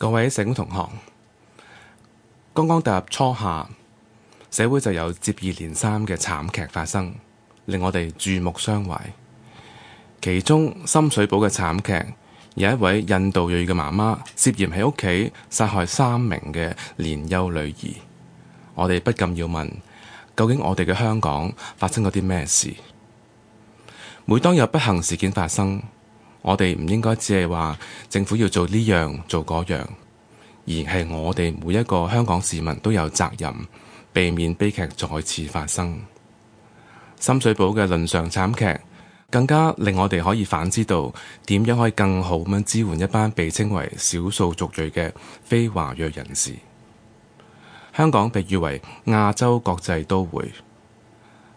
各位社工同學，剛剛踏入初夏，社會就有接二連三嘅慘劇發生，令我哋注目傷懷。其中深水埗嘅慘劇，有一位印度裔嘅媽媽涉嫌喺屋企殺害三名嘅年幼女兒。我哋不禁要問：究竟我哋嘅香港發生咗啲咩事？每當有不幸事件發生，我哋唔應該只係話政府要做呢樣做嗰樣，而係我哋每一個香港市民都有責任避免悲劇再次發生。深水埗嘅倫常慘劇更加令我哋可以反思到點樣可以更好咁支援一班被稱為少數族裔嘅非華裔人士。香港被譽為亞洲國際都會，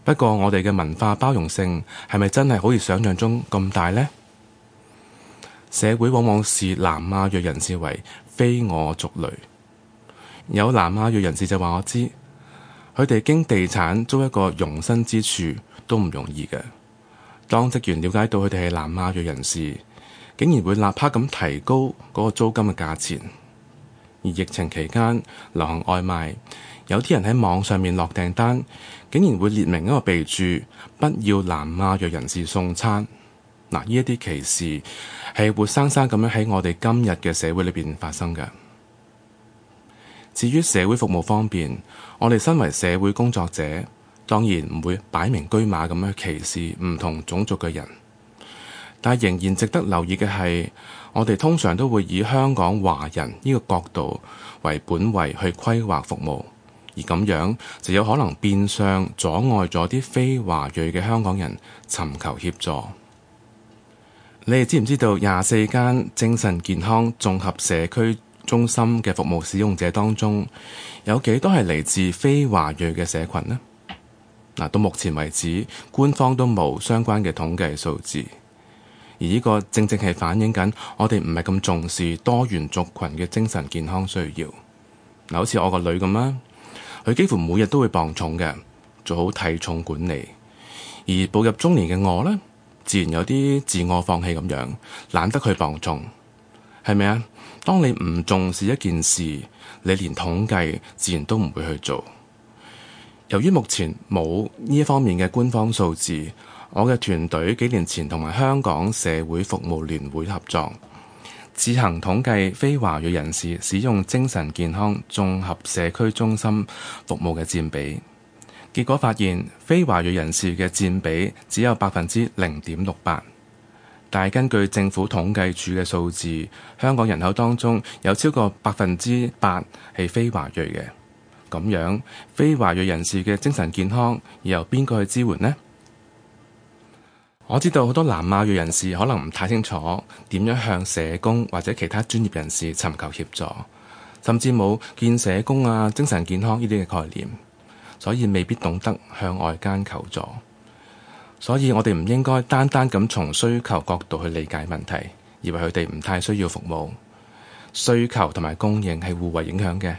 不過我哋嘅文化包容性係咪真係好似想像中咁大呢？社會往往視南亞裔人士為非我族類。有南亞裔人士就話我知，佢哋經地產租一個容身之處都唔容易嘅。當職員了解到佢哋係南亞裔人士，竟然會立刻咁提高嗰個租金嘅價錢。而疫情期間流行外賣，有啲人喺網上面落訂單，竟然會列明一個備註：不要南亞裔人士送餐。嗱，呢一啲歧視係活生生咁樣喺我哋今日嘅社會裏邊發生嘅。至於社會服務方面，我哋身為社會工作者，當然唔會擺明車馬咁樣歧視唔同種族嘅人，但仍然值得留意嘅係，我哋通常都會以香港華人呢個角度為本位去規劃服務，而咁樣就有可能變相阻礙咗啲非華裔嘅香港人尋求協助。你哋知唔知道廿四間精神健康綜合社區中心嘅服務使用者當中，有幾多係嚟自非華裔嘅社群呢？嗱，到目前為止，官方都冇相關嘅統計數字，而呢個正正係反映緊我哋唔係咁重視多元族群嘅精神健康需要。嗱，好似我個女咁啦，佢幾乎每日都會磅重嘅，做好體重管理，而步入中年嘅我咧。自然有啲自我放棄咁樣，懶得去放縱，係咪啊？當你唔重視一件事，你連統計自然都唔會去做。由於目前冇呢一方面嘅官方數字，我嘅團隊幾年前同埋香港社會服務聯會合作，自行統計非華裔人士使用精神健康綜合社區中心服務嘅佔比。結果發現，非華裔人士嘅佔比只有百分之零點六八，但係根據政府統計處嘅數字，香港人口當中有超過百分之八係非華裔嘅。咁樣，非華裔人士嘅精神健康要由邊個去支援呢？我知道好多南亞裔人士可能唔太清楚點樣向社工或者其他專業人士尋求協助，甚至冇見社工啊、精神健康呢啲嘅概念。所以未必懂得向外間求助，所以我哋唔應該單單咁從需求角度去理解問題，以為佢哋唔太需要服務。需求同埋供應係互為影響嘅。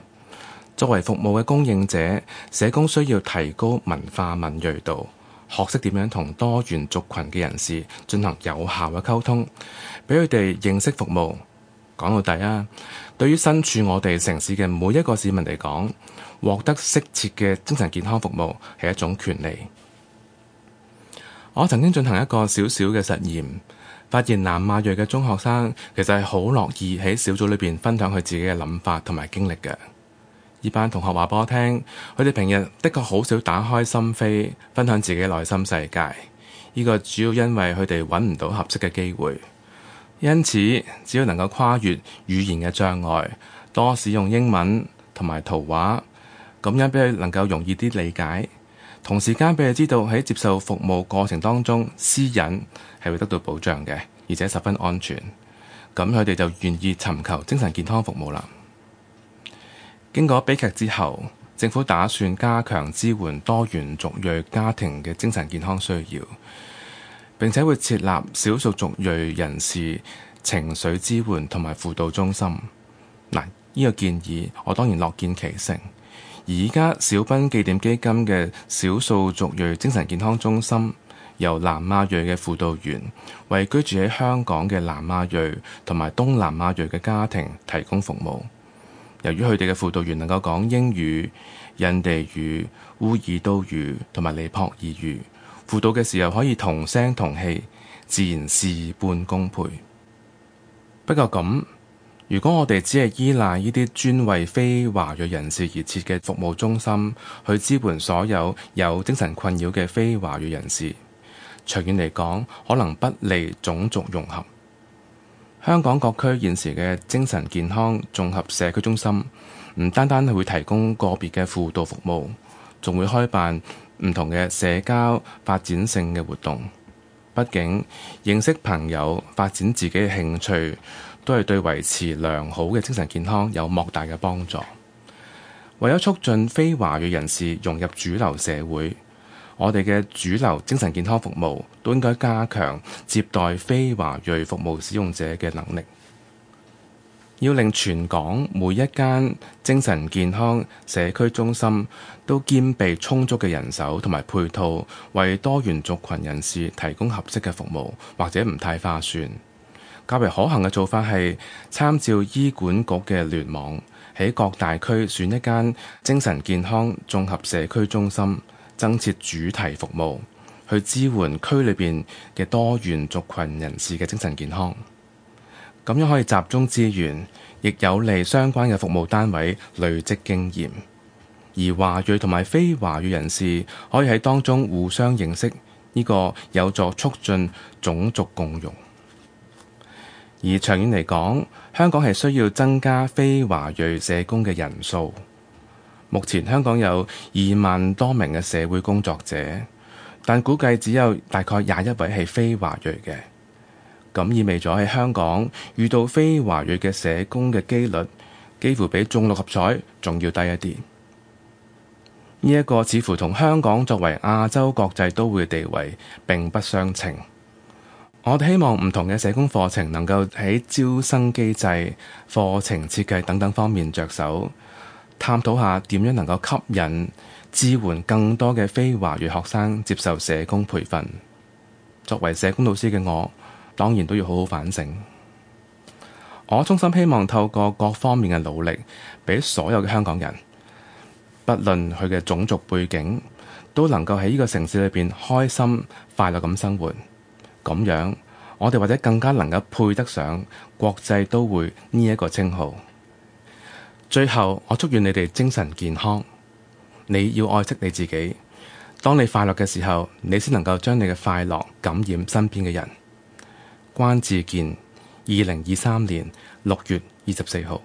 作為服務嘅供應者，社工需要提高文化敏銳度，學識點樣同多元族群嘅人士進行有效嘅溝通，俾佢哋認識服務。講到底啊，對於身處我哋城市嘅每一個市民嚟講，獲得適切嘅精神健康服務係一種權利。我曾經進行一個小小嘅實驗，發現南亞裔嘅中學生其實係好樂意喺小組裏邊分享佢自己嘅諗法同埋經歷嘅。呢班同學話俾我聽，佢哋平日的確好少打開心扉，分享自己內心世界。呢個主要因為佢哋揾唔到合適嘅機會。因此，只要能夠跨越語言嘅障礙，多使用英文同埋圖畫，咁樣俾佢能夠容易啲理解，同時間俾佢知道喺接受服務過程當中，私隱係會得到保障嘅，而且十分安全，咁佢哋就願意尋求精神健康服務啦。經過悲劇之後，政府打算加強支援多元族裔家庭嘅精神健康需要。並且會設立少數族裔人士情緒支援同埋輔導中心。嗱，呢個建議我當然樂見其成。而家小斌紀念基金嘅少數族裔精神健康中心，由南亞裔嘅輔導員為居住喺香港嘅南亞裔同埋東南亞裔嘅家庭提供服務。由於佢哋嘅輔導員能夠講英語、印地語、烏爾都語同埋尼泊爾語，輔導嘅時候可以同聲同氣，自然事半功倍。不過咁，如果我哋只係依賴呢啲專為非華裔人士而設嘅服務中心去支援所有有精神困擾嘅非華裔人士，長遠嚟講可能不利種族融合。香港各區現時嘅精神健康綜合社區中心，唔單單係會提供個別嘅輔導服務，仲會開辦，唔同嘅社交發展性嘅活動，畢竟認識朋友、發展自己嘅興趣，都係對維持良好嘅精神健康有莫大嘅幫助。為咗促進非華裔人士融入主流社會，我哋嘅主流精神健康服務都應該加強接待非華裔服務使用者嘅能力。要令全港每一間精神健康社區中心都兼備充足嘅人手同埋配套，為多元族群人士提供合適嘅服務，或者唔太劃算。較為可行嘅做法係參照醫管局嘅聯網，喺各大區選一間精神健康綜合社區中心，增設主題服務，去支援區裏邊嘅多元族群人士嘅精神健康。咁樣可以集中資源，亦有利相關嘅服務單位累積經驗。而華裔同埋非華裔人士可以喺當中互相認識，呢個有助促進種族共融。而長遠嚟講，香港係需要增加非華裔社工嘅人數。目前香港有二萬多名嘅社會工作者，但估計只有大概廿一位係非華裔嘅。咁意味咗喺香港遇到非華裔嘅社工嘅機率，幾乎比中六合彩仲要低一啲。呢一個似乎同香港作為亞洲國際都會地位並不相稱。我哋希望唔同嘅社工課程能夠喺招生機制、課程設計等等方面着手，探討下點樣能夠吸引支援更多嘅非華裔學生接受社工培訓。作為社工老師嘅我，當然都要好好反省。我衷心希望透過各方面嘅努力，俾所有嘅香港人，不論佢嘅種族背景，都能夠喺呢個城市裏面開心快樂咁生活。咁樣我哋或者更加能夠配得上國際都會呢一個稱號。最後，我祝願你哋精神健康。你要愛惜你自己。當你快樂嘅時候，你先能夠將你嘅快樂感染身邊嘅人。關志健，二零二三年六月二十四號。